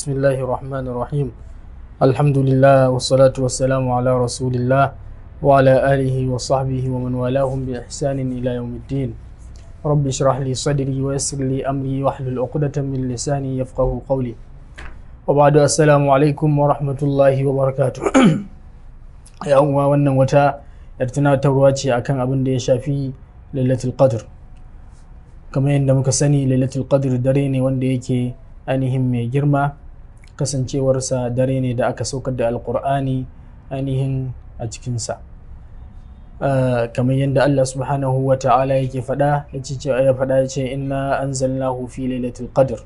بسم الله الرحمن الرحيم الحمد لله والصلاة والسلام على رسول الله وعلى آله وصحبه ومن والاهم بإحسان إلى يوم الدين رب اشرح لي صدري ويسر لي أمري واحلل عقدة من لساني يفقه قولي وبعد السلام عليكم ورحمة الله وبركاته يا أمة wannan wata yartana taurwaci akan abin da ya shafi lailatul qadr kamar yadda muka sani lailatul qadr dare ne wanda yake ainihin mai girma kasancewarsa dare ne da aka saukar da alkur'ani ainihin a cikinsa ah, kamar yadda Allah subhanahu wa ta'ala yake faɗa ya faɗa ya ce inna anzalnahu fi lailatul qadr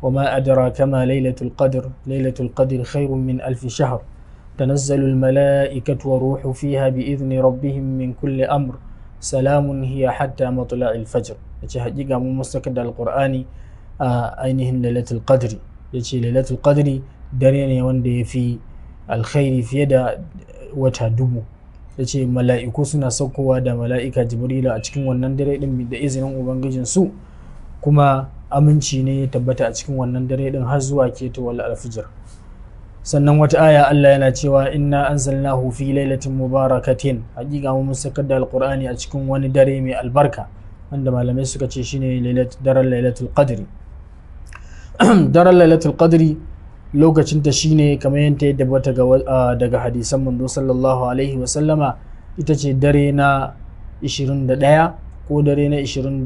وما أدراك ما ليلة القدر ليلة القدر خير من ألف شهر تنزل الملائكة وروح فيها بإذن ربهم من كل أمر سلام هي حتى مطلع الفجر حقيقة من مستكد القرآن آه أينهن ليلة القدر ya ce lailatul qadri dare ne wanda ya fi alkhairi fiye da wata dubu ya ce mala'iku suna saukowa da mala'ika jibrilu a cikin wannan dare din da izinin ubangijin su kuma aminci ne ya tabbata a cikin wannan dare din har zuwa wala alfijir sannan wata aya Allah yana cewa inna anzalnahu fi lailatin mubarakatin hakika mun sakar da alqur'ani a cikin wani dare mai albarka wanda malamai suka ce shine daren lailatul qadri daren lailatul qadri lokacin ta shine kamar yadda ya tabbata daga hadisan manzo sallallahu alaihi wasallama ita ce dare na 21 ko dare na 23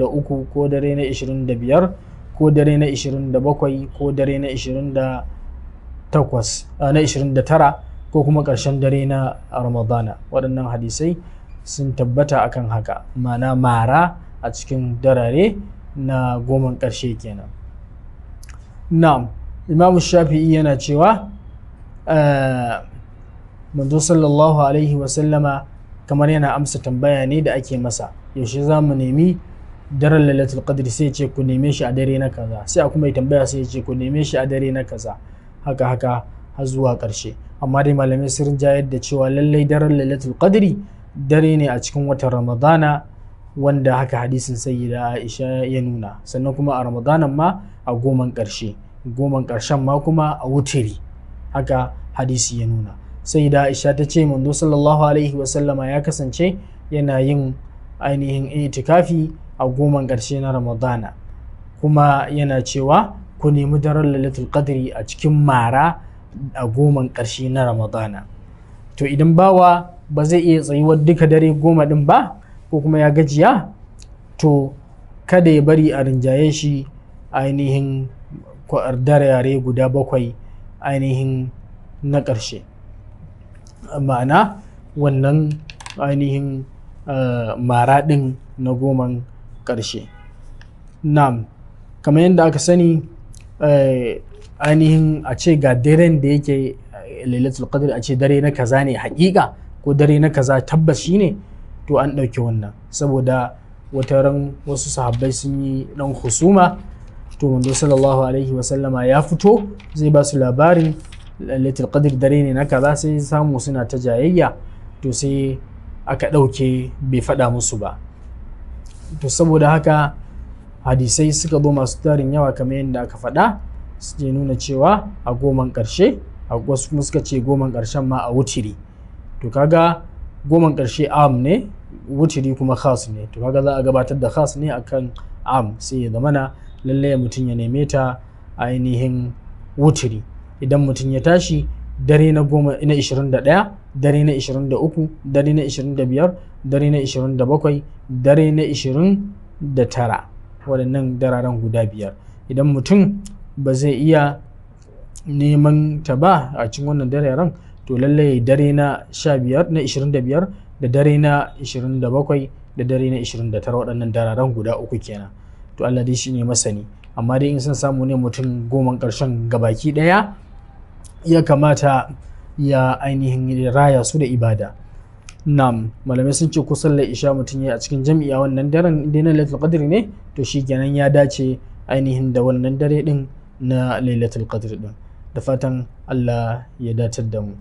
ko dare na 25 ko dare na 27 ko dare na 28 na 29 ko kuma ƙarshen dare na ramadana waɗannan hadisai sun tabbata akan haka mana mara a cikin darare na goman ƙarshe kenan na'am imam shafi'i yana cewa eh, manzo sallallahu alaihi wasallama kamar yana amsa tambaya ne da ake masa yaushe za mu nemi daren lailatul qadri sai ce ku neme shi a dare na kaza sai a kuma tambaya sai ce ku neme shi a dare na kaza haka haka har zuwa karshe amma dai malamai sun jayar yadda cewa lallai daren lailatul qadri dare ne a cikin watan ramadana wanda haka hadisin sayyida aisha ya nuna sannan kuma a ramadanan ma a goman ƙarshe goman ƙarshen ma kuma a wutiri haka hadisi ya nuna sayyida aisha ta ce manzo sallallahu alaihi sallama ya kasance yana yin ainihin itikafi a goman ƙarshe na ramadana kuma yana cewa ku nemi daren lalatul qadri a cikin mara a goman ƙarshe na ramadana to idan bawa ba zai iya tsayuwar duka dare goma din ba ko kuma ya gajiya to kada ya bari a rinjaye shi ainihin yare guda bakwai ainihin na ƙarshe ma'ana wannan ainihin eh, maraɗin na goman ƙarshe na'am kamar yadda aka sani eh, ainihin a ce ga daren da yake eh, lailatul qadr a ce dare na kaza ne hakika ko dare na kaza tabbas shine ne to an ɗauki wannan saboda wata ran wasu sahabbai sun yi ɗan husuma to manzo sallallahu alaihi wasallama ya fito zai ba su labarin lailatul qadr dare ne na kaza sai samu suna ta jayayya to sai aka ɗauke bai faɗa musu ba to saboda haka hadisai suka zo masu tarin yawa kamar yadda aka faɗa suke nuna cewa a goman ƙarshe a wasu kuma suka ce goman ƙarshen ma a wutiri to kaga goman ƙarshe am ne wutiri kuma khas ne to kaga za a gabatar da khas ne akan am sai ya zamana lalle mutum ya neme ta ainihin wutiri idan mutum ya tashi dare na goma na 21 dare na 23 dare na 25 dare na 27 dare na 29 waɗannan dararen guda biyar idan mutum ba zai iya neman ta ba a cikin wannan dararen to lallai dare na 15 na 25 da dare na 27 da dare na 29 waɗannan dararen guda uku kenan to Allah dai shine masani amma dai in san samu ne mutum goman ƙarshen gabaki ɗaya ya kamata ya ainihin raya su da ibada nam malamai sun ce kusan la isha mutum ya a cikin jami'a wannan daren inda na lailatul qadr ne to shi kenan ya dace ainihin da wannan dare din na lailatul qadr din da fatan Allah ya datar da mu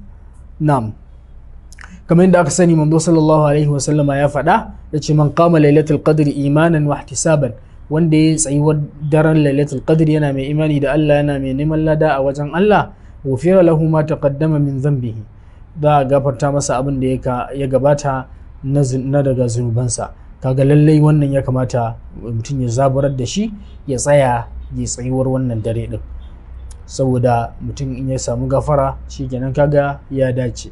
na'am kamar yadda aka sani manzo sallallahu alaihi wa sallama ya faɗa ya ce man qama lailatul qadr imanan wa ihtisaban wanda ya tsayuwar daren lailatul qadr yana mai imani da Allah yana mai neman lada a wajen Allah wufira lahu ma taqaddama min dhanbihi za a gafarta masa abin da ya gabata na daga zunubansa kaga lallai wannan ya kamata mutum ya zaburar da shi ya tsaya ya tsayuwar wannan dare din saboda mutum in ya samu gafara shi shikenan kaga ya dace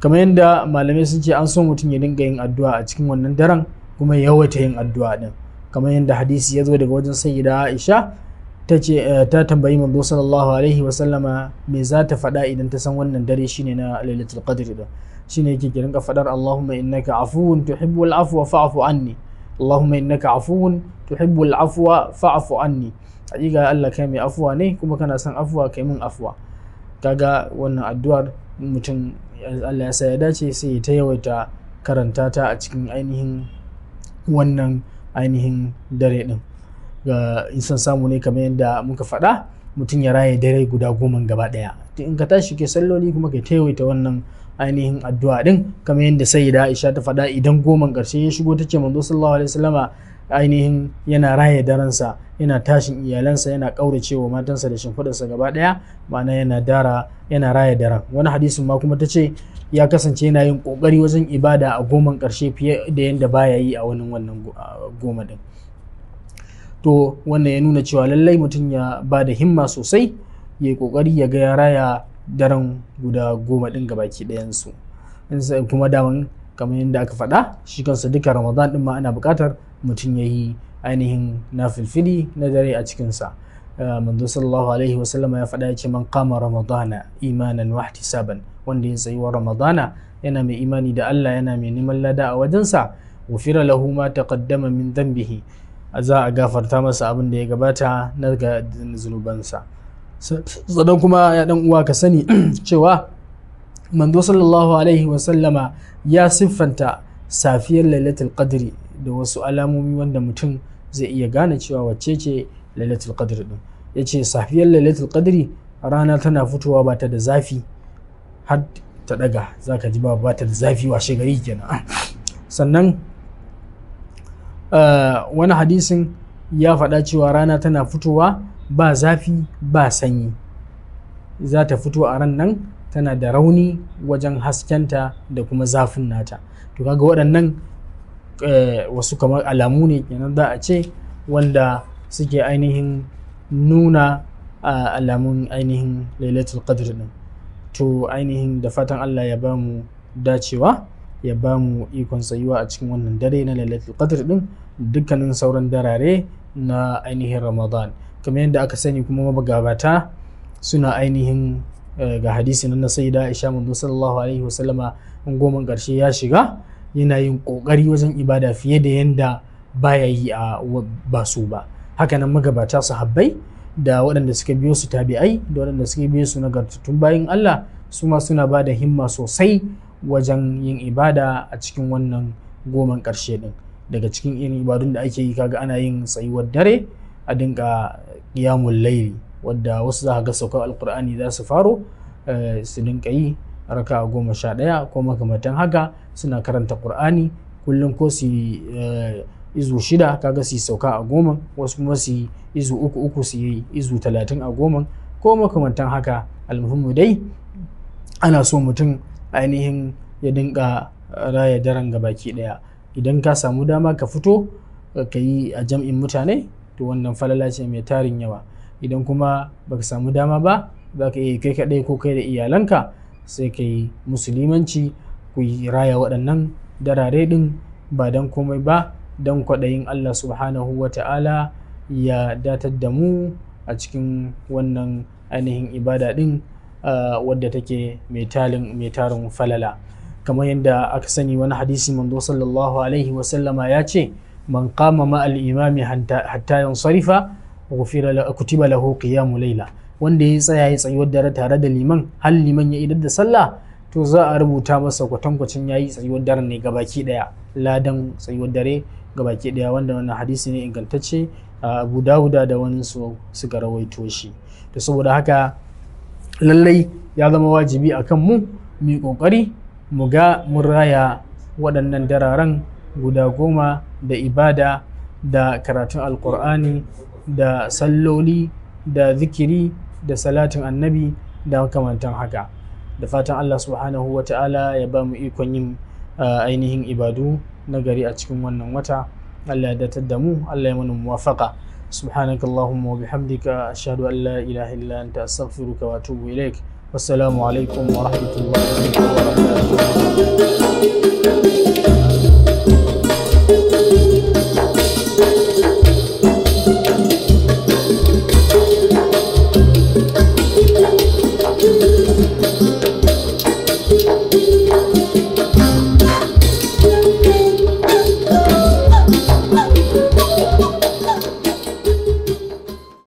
kamar yadda malamai sun ce an so mutum ya dinga yin addu'a a cikin wannan daren kuma yawaita yin addu'a din kamar yadda hadisi ya zo daga wajen sayyida Aisha ta ce eh, ta tambayi manzo sallallahu alaihi wa sallama me za ta faɗa idan ta san wannan dare shine na lailatul qadr din shine yake ki rinka faɗar Allahumma innaka afuwun tuhibbul afwa fa'fu anni Allahumma innaka afuwun tuhibbul afwa fa'fu anni hakika Allah kai mai afuwa ne kuma kana son afuwa kai min afuwa kaga wannan addu'ar mutum Allah ya sa ya dace sai ya ta yawaita karanta ta a cikin ainihin wannan ainihin dare din ga insan samu ne kamar yadda muka faɗa mutum ya raye dare guda goma gaba ɗaya in ka tashi ke salloli kuma ka yawaita wannan ainihin addu'a din kamar yadda saida Aisha ta faɗa idan goman ƙarshe ya shigo tace manzo sallallahu alaihi wasallama ainihin yana raye daransa yana tashin iyalansa yana kauracewa matansa da shimfiɗarsa gaba ɗaya ma'ana yana dara yana raye daren wani hadisin ma kuma ta ce ya kasance yana yin ƙoƙari wajen ibada a goman ƙarshe fiye da yadda baya yi a wani wannan goma ɗin to wannan ya nuna cewa lallai mutum ya ba da himma sosai ya yi ƙoƙari ya ga ya raya daren guda goma ɗin gabaki ɗayansu kuma daman kamar yadda aka faɗa shi kansa duka ramadan ɗin ma ana buƙatar mutum ya yi ainihin na filfili na dare a cikinsa ah, manzo sallallahu alaihi wasallama ya faɗa ya ce man kama ramadana imanan wahti saban wanda ya tsayi ramadana yana mai imani da Allah yana mai neman lada a wajensa wufira lahu ma taqaddama min dambihi za a gafarta masa abin da ya gabata na zunubansa sannan kuma ya dan uwa ka sani cewa manzo sallallahu alaihi wa sallama ya siffanta safiyar lailatul qadri da wasu alamomi wanda mutum zai iya gane cewa wacce ce lailatul qadri din yace safiyar lailatul qadri rana tana fitowa ba ta da zafi har ta daga zaka ji ba ta da zafi washe gari kenan sannan eh, wani hadisin ya faɗa cewa rana tana fitowa ba zafi ba sanyi za ta fito a ran nan tana da rauni wajen haskenta da kuma zafin nata to kaga waɗannan eh, wasu kamar alamu ne kenan za a ce wanda suke ainihin nuna alamun ainihin lailatul qadr din to ainihin da fatan Allah ya bamu dacewa ya bamu ikon tsayuwa a cikin wannan dare na lailatul qadr din dukkanin sauran darare na ainihin ramadan kamar yadda aka sani kuma mabagabata suna ainihin eh, ga hadisi na sayyida Aisha manzo sallallahu alaihi wasallama in goman karshe ya shiga yana yin kokari wajen ibada fiye da yanda baya yi a basu ba hakanan magabata sahabbai da waɗanda suka biyo su tabi'ai da waɗanda suka biyo su nagartattun bayan Allah su ma suna ba da himma sosai wajen yin ibada a cikin wannan goman karshe ɗin daga cikin irin ibadun da ake yi kaga ana yin tsayuwar dare a dinga ƙiyamun laili wadda wasu za ga saukar alkur'ani za su faro eh, su dinga yi raka goma sha ɗaya ko makamantan haka suna karanta ƙur'ani kullum ko su eh, izu shida kaga su sauka a goma wasu kuma su izu uku uku su yi izu talatin a goma ko makamantan haka almuhimmu dai ana so mutum ainihin ya dinga raya daren gabaki ɗaya idan ka samu dama ka fito ka yi a jam'in mutane to wannan falala ce mai tarin yawa idan kuma baka samu dama ba za ka iya kai kaɗai ko kai da iyalanka sai ka yi musulmanci ku yi raya waɗannan darare ɗin ba don komai ba don kwaɗayin Allah subhanahu wa ta'ala ya datar da mu a cikin wannan ainihin ibada ɗin wadda take mai tarin falala kamar yadda aka sani wani hadisi manzo sallallahu alaihi wasallama ya ce man kama ma al'imami imami hatta yansarifa ghufira kutiba lahu wanda ya tsaya ya tsayuwar dare tare da liman har liman ya idar da sallah to za a rubuta masa kwatankwacin yayi tsayuwar dare ne baki daya ladan tsayuwar dare baki daya wanda wani hadisi ne ingantacce abu dawuda da wani su suka rawaito shi saboda haka lallai ya zama wajibi a kan mu mu yi ƙoƙari mu ga mun raya waɗannan dararen guda goma da ibada da karatun alkur'ani da salloli da zikiri da salatin annabi da makamantan haka da fatan allah subhanahu wa ta'ala ya ba mu ikon yin ah, ainihin ibadu na gari a cikin wannan wata allah ya datar da mu allah ya mana muwafaka سبحانك اللهم وبحمدك أشهد أن لا إله إلا أنت أستغفرك وأتوب إليك والسلام عليكم ورحمة الله وبركاته